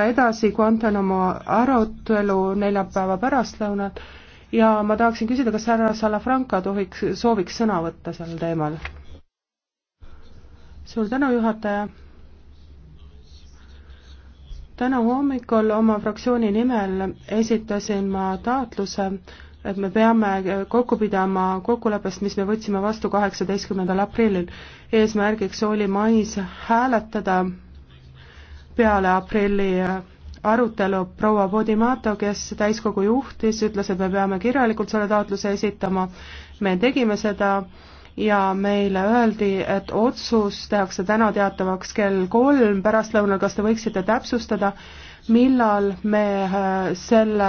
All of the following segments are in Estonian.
edasi Guantanamo arutelu neljapäeva pärastlõunal ja ma tahaksin küsida, kas härra Salafranca tohiks, sooviks sõna võtta sel teemal? suur tänu, juhataja! täna hommikul oma fraktsiooni nimel esitasin ma taotluse, et me peame kokku pidama kokkuleppest, mis me võtsime vastu kaheksateistkümnendal aprillil. eesmärgiks oli mais hääletada peale aprilli arutelu proua Podimato, kes täiskogu juhtis, ütles, et me peame kirjalikult selle taotluse esitama. me tegime seda ja meile öeldi, et otsus tehakse täna teatavaks kell kolm pärastlõunal, kas te võiksite täpsustada, millal me äh, selle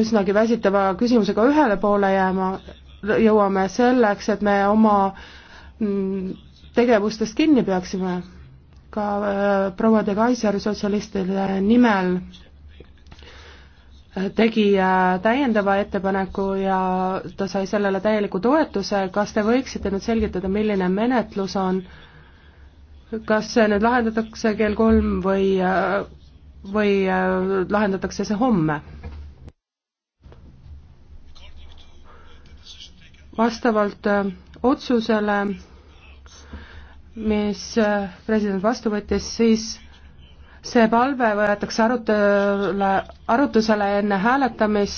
üsnagi väsitava küsimusega ühele poole jääma, jõuame selleks, et me oma mm, tegevustest kinni peaksime ka äh, proua de Kaiser sotsialistide nimel äh, tegi äh, täiendava ettepaneku ja ta sai sellele täieliku toetuse, kas te võiksite nüüd selgitada, milline menetlus on, kas see nüüd lahendatakse kell kolm või, või lahendatakse see homme? vastavalt otsusele mis äh, president vastu võttis, siis see palve võetakse arutele, arutusele enne hääletamist